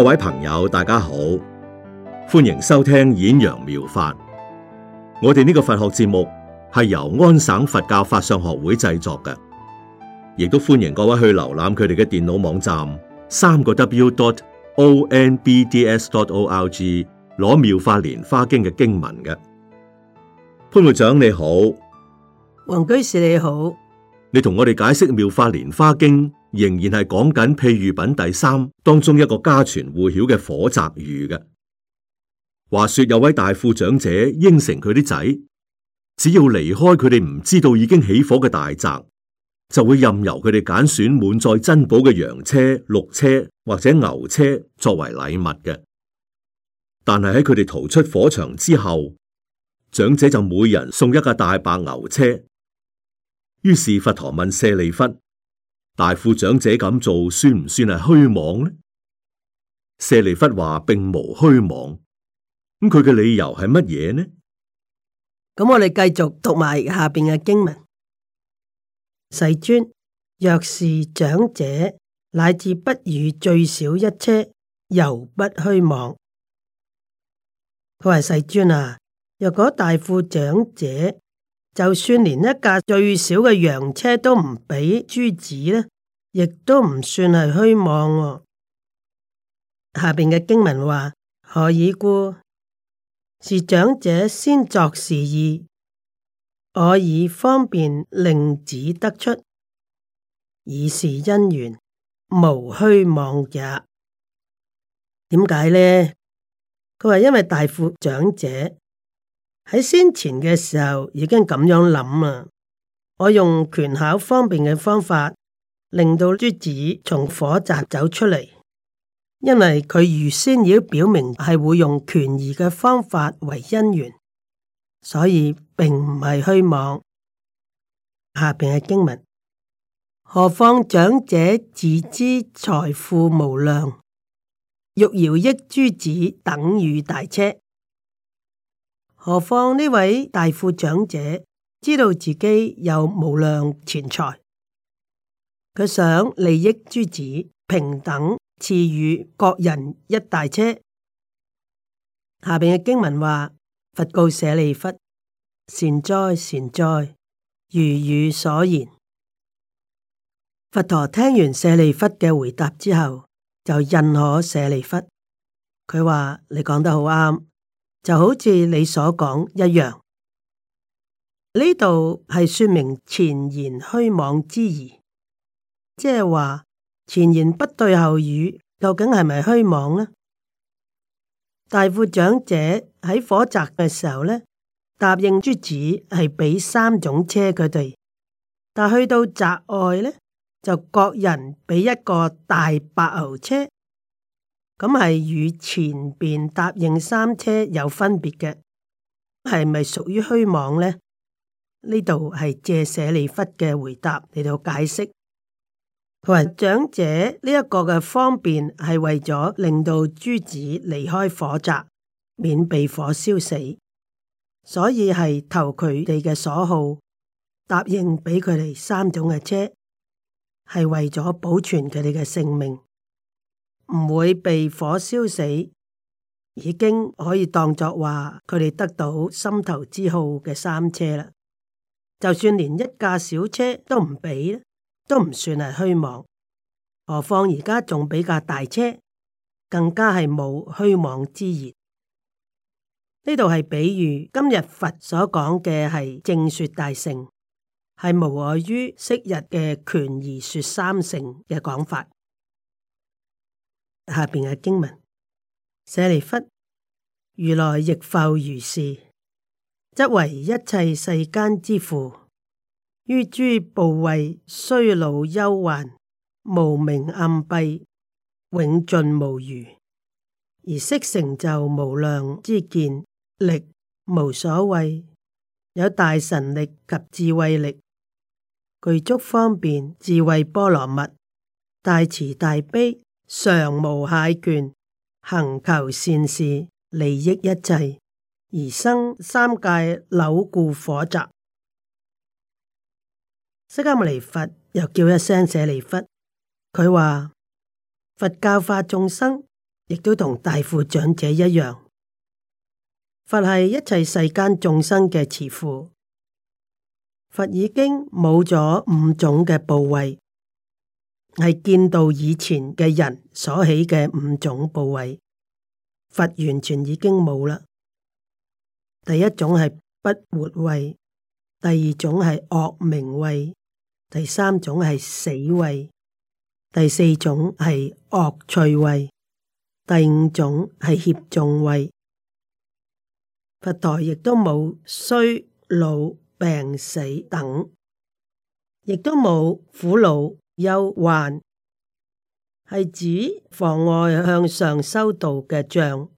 各位朋友，大家好，歡迎收聽演揚妙、妙法。我哋呢個佛學節目係由安省佛教法相學會製作嘅，亦都歡迎各位去瀏覽佢哋嘅電腦網站，三個 w.dot.o.n.b.d.s.dot.o.l.g 攞妙法蓮花經嘅經文嘅。潘會長你好，黃居士你好，你同我哋解釋妙法蓮花經。仍然係講緊譬喻品第三當中一個家傳戶曉嘅火宅喻嘅。話說有位大富長者應承佢啲仔，只要離開佢哋唔知道已經起火嘅大宅，就會任由佢哋揀選滿載珍寶嘅羊車、鹿車或者牛車作為禮物嘅。但係喺佢哋逃出火場之後，長者就每人送一架大白牛車。於是佛陀問舍利弗。大富長者咁做算唔算係虛妄呢？舍利弗話並無虛妄，咁佢嘅理由係乜嘢呢？咁我哋繼續讀埋下邊嘅經文。世尊，若是長者乃至不與最少一車，猶不虛妄。佢話世尊啊，若果大富長者。就算連一架最小嘅羊車都唔畀諸子咧，亦都唔算係虛妄喎。下邊嘅經文話：何以故？是長者先作是意，我以方便令子得出，以是因緣無虛妄也。點解咧？佢話因為大富長者。喺先前嘅時候已經咁樣諗啊。我用權巧方便嘅方法，令到諸子從火宅走出嚟，因為佢預先已經表明係會用權宜嘅方法為因緣，所以並唔係虛妄。下邊係經文，何況長者自知財富無量，欲饒益諸子，等與大車。何況呢位大富長者知道自己有無量錢財，佢想利益諸子，平等賜予各人一大車。下邊嘅經文話：佛告舍利弗，善哉善哉，如汝所言。佛陀聽完舍利弗嘅回答之後，就認可舍利弗，佢話你講得好啱。就好似你所講一樣，呢度係說明前言虛妄之疑，即係話前言不對後語，究竟係咪虛妄呢？大富長者喺火宅嘅時候呢，答應諸子係俾三種車佢哋，但去到宅外呢，就各人俾一個大白牛車。咁係與前邊答應三車有分別嘅，係咪屬於虛妄呢？呢度係借舍利弗嘅回答嚟到解釋，同埋長者呢一個嘅方便係為咗令到諸子離開火宅，免被火燒死，所以係投佢哋嘅所好，答應畀佢哋三種嘅車，係為咗保存佢哋嘅性命。唔會被火燒死，已經可以當作話佢哋得到心頭之好嘅三車啦。就算連一架小車都唔俾，都唔算係虛妄。何況而家仲俾架大車，更加係冇虛妄之言。呢度係比喻今日佛所講嘅係正說大乘，係無礙於昔日嘅權而說三乘嘅講法。下邊嘅經文：舍利弗，如來亦復如是，則為一切世間之父。於諸怖畏衰老憂患、無明暗蔽，永盡無餘。而悉成就無量知見力，無所畏有大神力及智慧力，具足方便智慧波羅蜜，大慈大悲。常無懈倦，行求善事，利益一切，而生三界朽故火宅。釋迦牟尼佛又叫一聲舍利弗，佢話佛教化眾生，亦都同大富長者一樣。佛係一切世間眾生嘅慈父，佛已經冇咗五種嘅部位。係見到以前嘅人所起嘅五種部位，佛完全已經冇啦。第一種係不活位，第二種係惡名位，第三種係死位，第四種係惡趣位，第五種係怯眾位。佛陀亦都冇衰老病死等，亦都冇苦惱。憂患係指妨礙向上修道嘅障，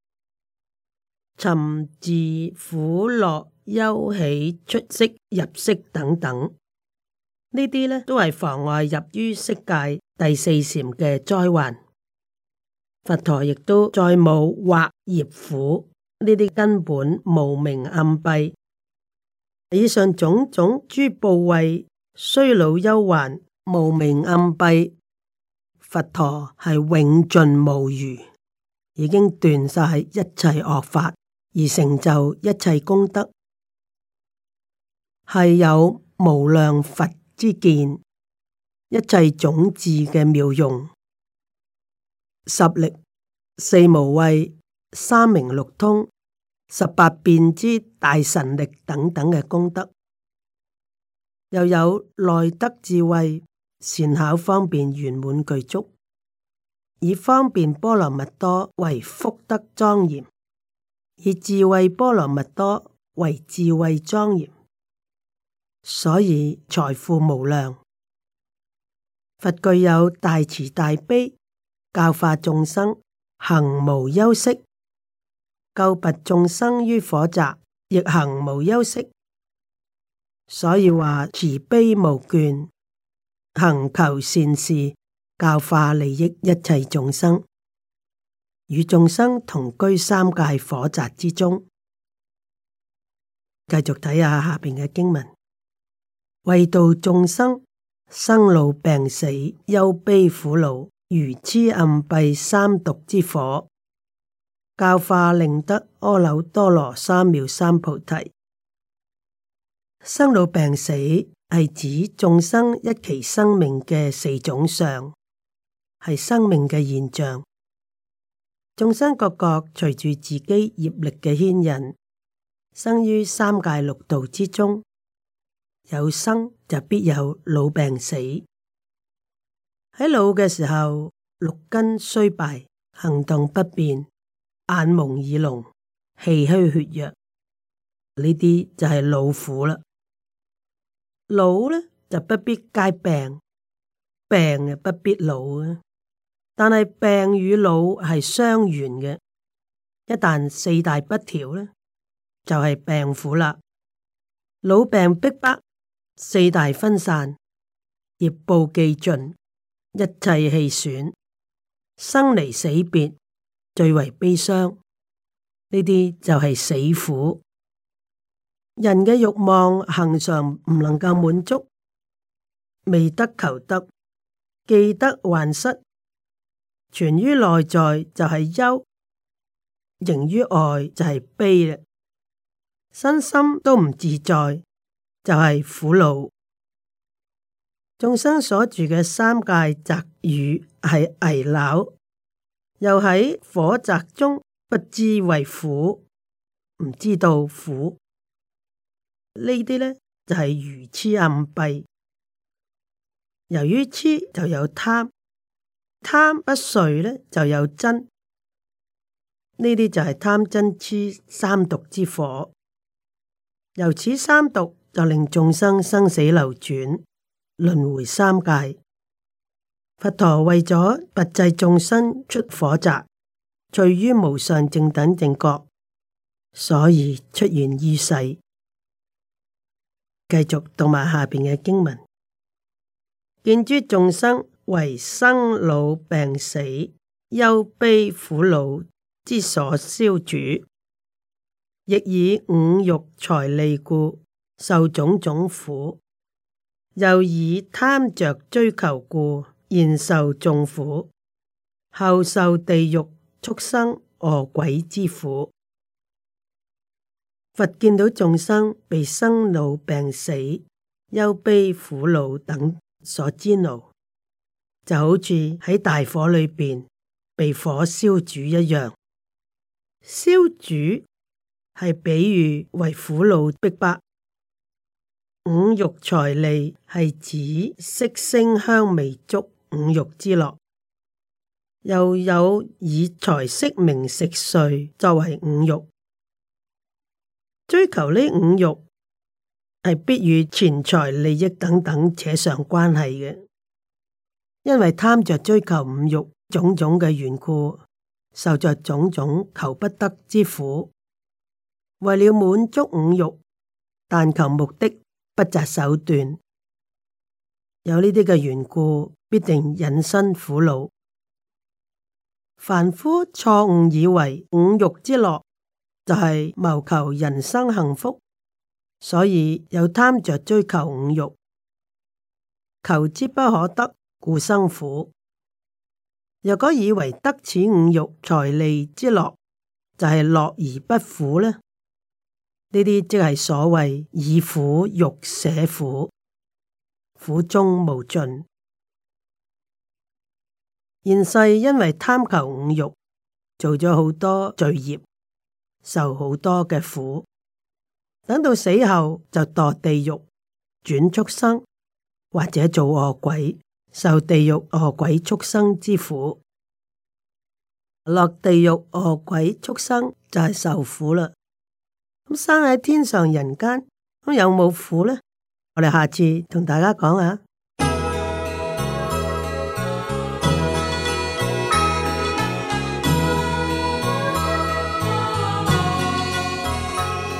尋伺苦樂、憂喜、出色、入息等等，呢啲呢都係妨礙入於色界第四禪嘅災患。佛陀亦都再冇惑業苦呢啲根本無明暗蔽。以上種種諸怖畏衰老、憂患。無明暗蔽，佛陀係永盡無餘，已經斷晒一切惡法，而成就一切功德，係有無量佛之見，一切種智嘅妙用，十力、四無畏、三明六通、十八變之大神力等等嘅功德，又有內德智慧。善巧方便圓滿具足，以方便波羅蜜多為福德莊嚴，以智慧波羅蜜多為智慧莊嚴，所以財富無量。佛具有大慈大悲，教化眾生，行無休息，救拔眾生於火宅，亦行無休息。所以話慈悲無倦。恆求善事，教化利益一切眾生，與眾生同居三界火宅之中。繼續睇下下邊嘅經文，為度眾生，生老病死、憂悲苦惱，如痴暗蔽三毒之火，教化令得阿耨多羅三藐三菩提。生老病死。係指眾生一期生命嘅四種相，係生命嘅現象。眾生各各隨住自己業力嘅牽引，生於三界六道之中，有生就必有老病死。喺老嘅時候，六根衰敗，行動不便，眼蒙耳聾，氣虛血弱，呢啲就係老苦啦。老咧，就不必皆病，病又不必老啊。但係病與老係相緣嘅，一旦四大不調咧，就係、是、病苦啦。老病逼迫，迫，四大分散，業報既盡，一切氣損，生離死別最為悲傷。呢啲就係死苦。人嘅欲望恒常唔能夠滿足，未得求得，既得患失，存於內在就係憂，形於外就係悲啦。身心都唔自在，就係苦惱。眾生所住嘅三界宅宇係危樓，又喺火宅中，不知為苦，唔知道苦。呢啲咧就係、是、愚痴暗蔽，由於痴就有貪，貪不遂咧就有瞋，呢啲就係貪瞋痴三毒之火。由此三毒就令眾生生死流轉，輪迴三界。佛陀為咗拔濟眾生出火宅，墜於無上正等正覺，所以出現於世。繼續讀埋下邊嘅經文，見諸眾生為生老病死、憂悲苦惱之所燒煮，亦以五欲財利故受種種苦，又以貪着追求故現受眾苦，後受地獄、畜生、餓鬼之苦。佛見到眾生被生老病死、憂悲苦惱等所煎熬，就好似喺大火裏邊被火燒煮一樣。燒煮係比喻為苦惱逼迫。五欲財利係指色聲香味觸五欲之樂，又有以財色名食睡作為五欲。追求呢五欲，係必與錢財、利益等等扯上關係嘅，因為貪着追求五欲種種嘅緣故，受着種種求不得之苦。為了滿足五欲，但求目的，不擇手段，有呢啲嘅緣故，必定引生苦惱。凡夫錯誤以為五欲之樂。就係謀求人生幸福，所以又貪着追求五欲，求之不可得，故生苦。若果以為得此五欲財利之樂，就係、是、樂而不苦呢？呢啲即係所謂以苦欲捨苦，苦中無盡。現世因為貪求五欲，做咗好多罪業。受好多嘅苦，等到死後就墮地獄、轉畜生，或者做餓鬼，受地獄、餓鬼、畜生之苦。落地獄、餓鬼、畜生就係、是、受苦啦。咁生喺天上人間，咁有冇苦呢？我哋下次同大家講下。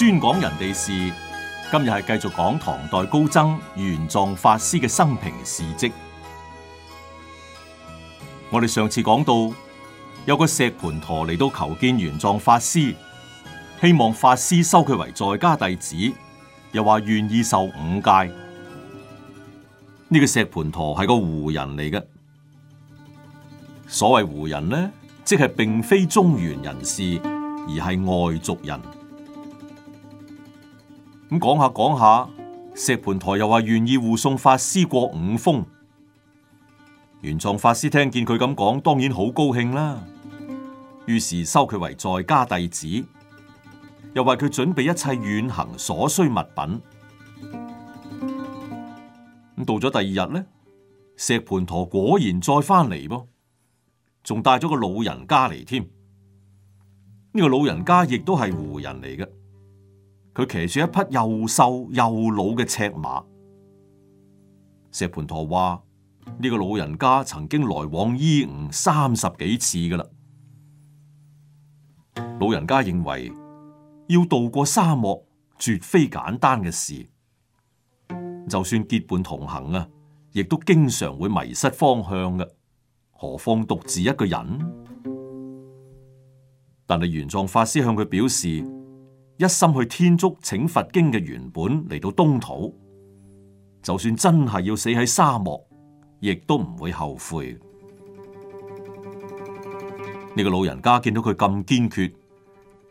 專講人哋事，今日係繼續講唐代高僧玄奘法師嘅生平事迹。我哋上次講到，有個石盤陀嚟到求見玄奘法師，希望法師收佢為在家弟子，又話願意受五戒。呢個石盤陀係個胡人嚟嘅，所謂胡人呢，即係並非中原人士，而係外族人。咁講下講下，石盤陀又話願意護送法師過五烽。玄奘法師聽見佢咁講，當然好高興啦。於是收佢為在家弟子，又為佢準備一切遠行所需物品。咁到咗第二日呢，石盤陀果然再翻嚟噃，仲帶咗個老人家嚟添。呢、這個老人家亦都係胡人嚟嘅。佢騎住一匹又瘦又老嘅赤馬。石盤陀話：呢個老人家曾經來往伊吾三十幾次噶啦。老人家認為要渡過沙漠，絕非簡單嘅事。就算結伴同行啊，亦都經常會迷失方向嘅。何況獨自一個人？但係玄奘法師向佢表示，一心去天竺請佛經嘅原本嚟，到東土，就算真係要死喺沙漠，亦都唔會後悔。呢個老人家見到佢咁堅決，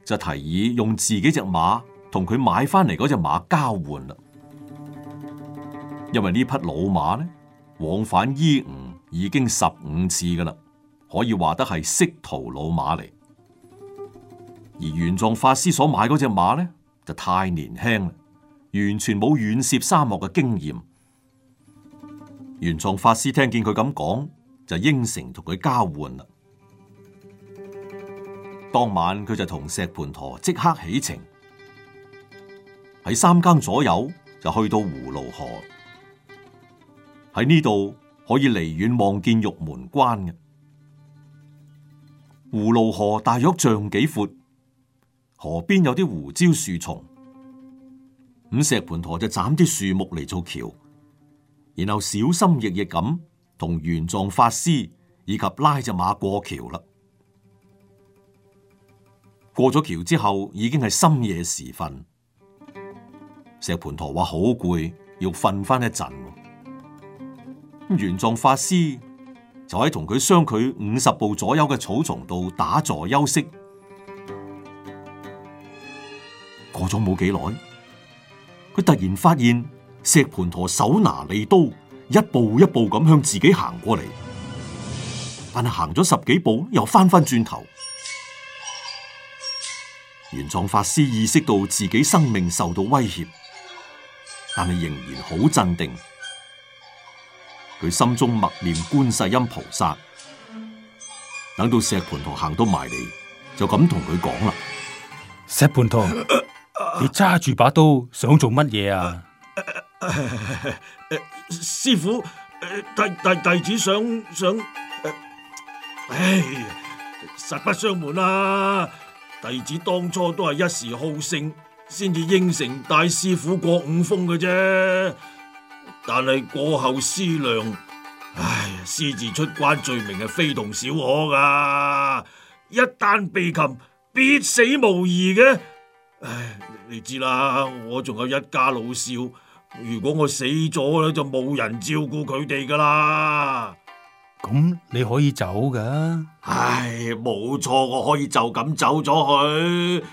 就提議用自己隻馬同佢買翻嚟嗰隻馬交換啦。因為呢匹老馬呢，往返伊吾已經十五次噶啦，可以話得係識途老馬嚟。而玄奘法師所買嗰隻馬呢，就太年輕啦，完全冇遠涉沙漠嘅經驗。玄奘法師聽見佢咁講，就應承同佢交換啦。當晚佢就同石盤陀即刻起程，喺三更左右就去到葫蘆河。喺呢度可以離遠望見玉門關嘅葫蘆河，大約丈幾闊。河邊有啲胡椒樹叢，咁石盤陀就斬啲樹木嚟做橋，然後小心翼翼咁同玄奘法師，以及拉隻馬過橋啦。過咗橋之後，已經係深夜時分，石盤陀話好攰，要瞓翻一陣。咁玄奘法師就喺同佢相距五十步左右嘅草叢度打坐休息。咗冇幾耐，佢突然發現石盤陀手拿利刀，一步一步咁向自己行過嚟。但係行咗十幾步，又翻翻轉頭。玄奘法師意識到自己生命受到威脅，但係仍然好鎮定。佢心中默念觀世音菩薩，等到石盤陀行到埋嚟，就咁同佢講啦，石盤陀。你揸住把刀想做乜嘢啊？師父，弟弟弟子想想，唉，實不相瞞啦，弟子當初都係一時好勝，先至應承帶師父過五烽嘅啫。但係過後思量，唉，私自出關罪名係非同小可噶，一旦被擒，必死無疑嘅。唉，你知啦，我仲有一家老少，如果我死咗咧，就冇人照顧佢哋噶啦。咁你可以走噶？唉，冇錯，我可以就咁走咗去。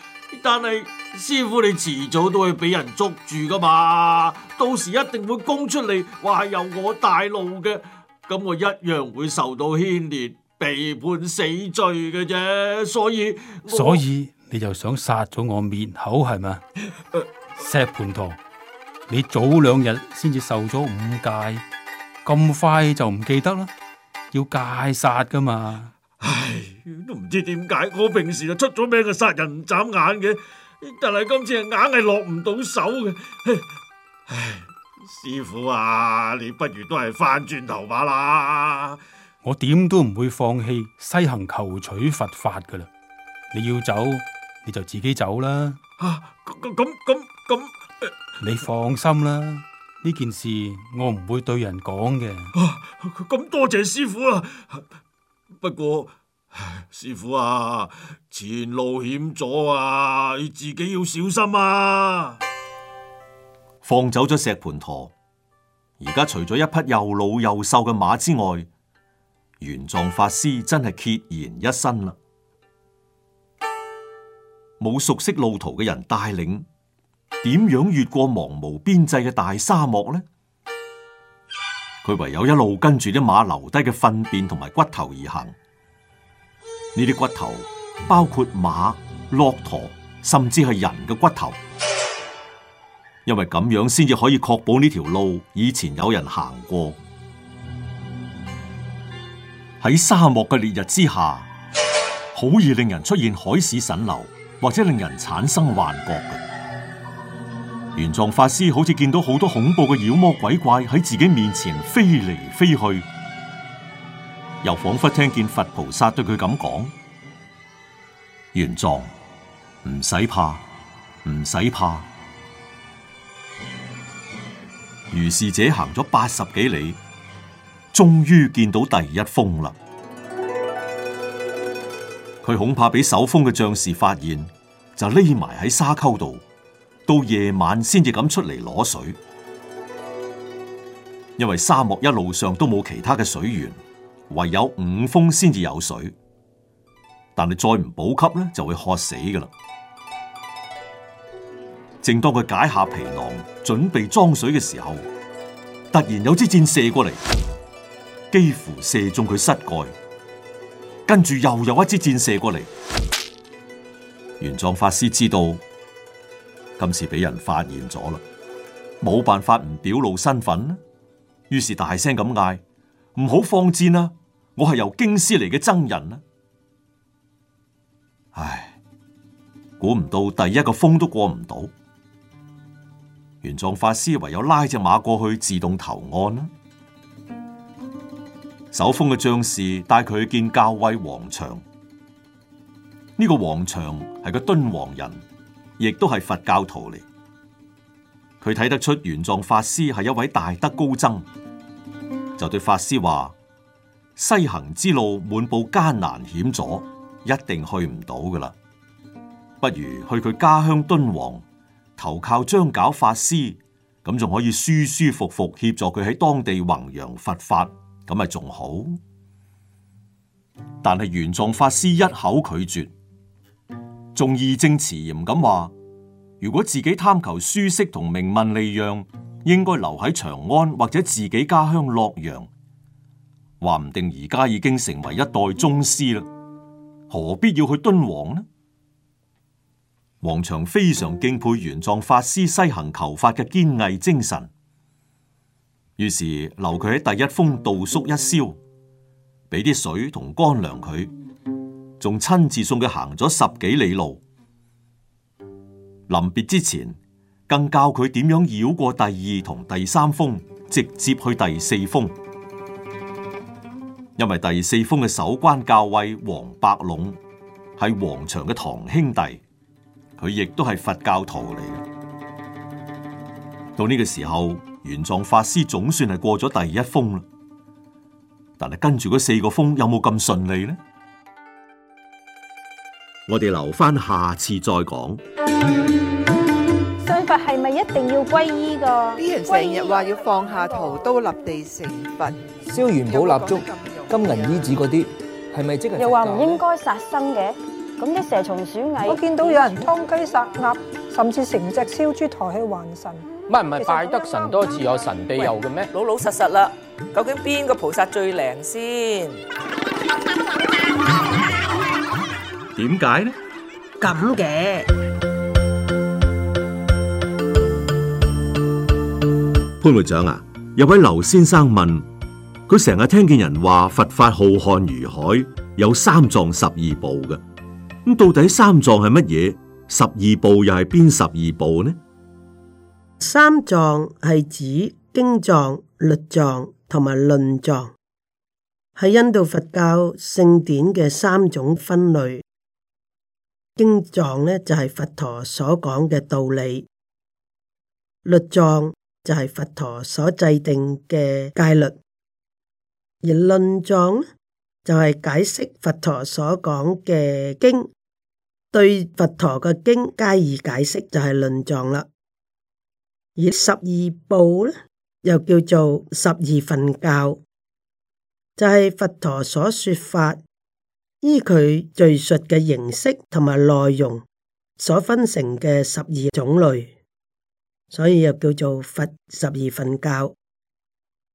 但係師傅，你遲早都會俾人捉住噶嘛，到時一定會供出嚟話係由我帶路嘅，咁我一樣會受到牽連，被判死罪嘅啫。所以所以。你就想殺咗我滅口係嘛？呃、石盤陀，你早兩日先至受咗五戒，咁快就唔記得啦？要戒殺噶嘛？唉，都唔知點解，我平時就出咗名嘅殺人唔眨眼嘅，但係今次係硬係落唔到手嘅。唉，師傅啊，你不如都係翻轉頭馬啦。我點都唔會放棄西行求取佛法噶啦，你要走。你就自己走啦。啊，咁咁咁你放心啦，呢件事我唔會對人講嘅。咁多謝師傅啊。不過，師傅啊，前路險阻啊，你自己要小心啊。放走咗石盤陀，而家除咗一匹又老又瘦嘅馬之外，玄奘法師真係孑然一身啦。冇熟悉路途嘅人帶領，點樣越過茫無邊際嘅大沙漠呢？佢唯有一路跟住啲馬留低嘅糞便同埋骨頭而行。呢啲骨頭包括馬、駱駝，甚至係人嘅骨頭，因為咁樣先至可以確保呢條路以前有人行過。喺沙漠嘅烈日之下，好易令人出現海市蜃樓。或者令人產生幻覺嘅，玄奘法師好似見到好多恐怖嘅妖魔鬼怪喺自己面前飛嚟飛去，又仿佛聽見佛菩薩對佢咁講：玄奘，唔使怕，唔使怕。如是者行咗八十幾里，終於見到第一烽啦。佢恐怕俾守烽嘅將士發現，就匿埋喺沙溝度，到夜晚先至敢出嚟攞水，因為沙漠一路上都冇其他嘅水源，唯有五烽先至有水。但係再唔補給咧，就會渴死噶啦。正當佢解下皮囊準備裝水嘅時候，突然有支箭射過嚟，幾乎射中佢膝蓋。跟住又有一支箭射過嚟，玄奘法師知道今次俾人發現咗啦，冇辦法唔表露身份啦，於是大聲咁嗌：唔好放箭啦，我係由京師嚟嘅僧人啦。唉，估唔到第一個烽都過唔到，玄奘法師唯有拉隻馬過去自動投案啦。守烽嘅將士帶佢去見校尉王祥，呢個王祥係個敦煌人，亦都係佛教徒嚟。佢睇得出玄奘法師係一位大德高僧，就對法師話：西行之路滿布艱難險阻，一定去唔到噶啦，不如去佢家鄉敦煌投靠張皎法師，咁仲可以舒舒服服協助佢喺當地弘揚佛法。咁咪仲好，但係玄奘法師一口拒絕，仲義正辭嚴咁話：如果自己貪求舒適同名聞利養，應該留喺長安或者自己家鄉洛陽，話唔定而家已經成為一代宗師啦，何必要去敦煌呢？王祥非常敬佩玄奘法師西行求法嘅堅毅精神。於是留佢喺第一烽度宿一宵，俾啲水同乾糧佢，仲親自送佢行咗十幾里路。臨別之前，更教佢點樣繞過第二同第三烽，直接去第四烽。因為第四烽嘅守關校尉王伯龍係王祥嘅堂兄弟，佢亦都係佛教徒嚟。到呢個時候。玄奘法師總算係過咗第一烽啦，但係跟住嗰四個烽有冇咁順利呢？我哋留翻下，下次再講。信佛係咪一定要皈依噶？啲人成日話要放下屠刀，立地成佛，燒元寶蠟燭、金銀衣紙嗰啲，係咪即係？又話唔應該殺生嘅，咁啲蛇蟲鼠蟻，我見到有人殺雞殺鴨，甚至成隻燒豬抬去還神。乜唔係，拜得神多自有神庇佑嘅咩？老老實實啦，究竟邊個菩薩最靈先？點解呢？咁嘅潘會長啊，有位劉先生問佢成日聽見人話佛法浩瀚如海，有三藏十二部嘅，咁到底三藏係乜嘢？十二部又係邊十二部呢？三藏係指經藏、律藏同埋論藏，係印度佛教聖典嘅三種分類。經藏呢，就係佛陀所講嘅道理，律藏就係佛陀所制定嘅戒律，而論藏就係解釋佛陀所講嘅經，對佛陀嘅經加以解釋就論藏，就係論藏啦。《而十二部》呢，又叫做《十二分教》，就係、是、佛陀所說法，依佢敘述嘅形式同埋內容所分成嘅十二種類，所以又叫做佛十二分教。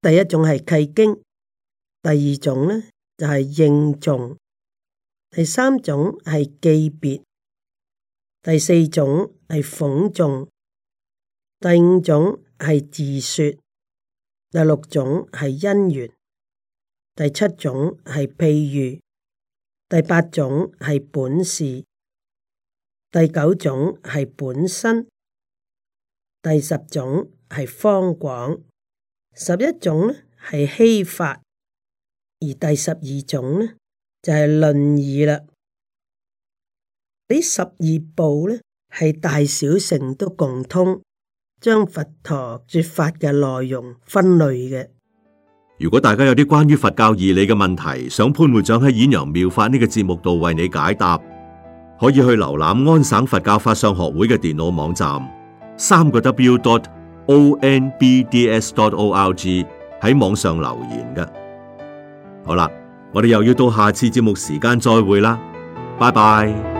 第一種係契經，第二種呢就係、是、應頌，第三種係記別，第四種係諷頌。第五種係自說，第六種係因緣，第七種係譬喻，第八種係本事，第九種係本身，第十種係方廣，十一種呢係希法，而第十二種呢就係、是、論議啦。呢十二部呢係大小乘都共通。將佛陀說法嘅內容分類嘅。如果大家有啲關於佛教義理嘅問題，想潘會長喺演揚妙法呢、這個節目度，為你解答，可以去瀏覽安省佛教法相學會嘅電腦網站，三個 W dot O N B D S dot O R G 喺網上留言嘅。好啦，我哋又要到下次節目時間再會啦，拜拜。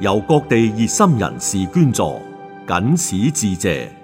由各地熱心人士捐助，僅此致謝。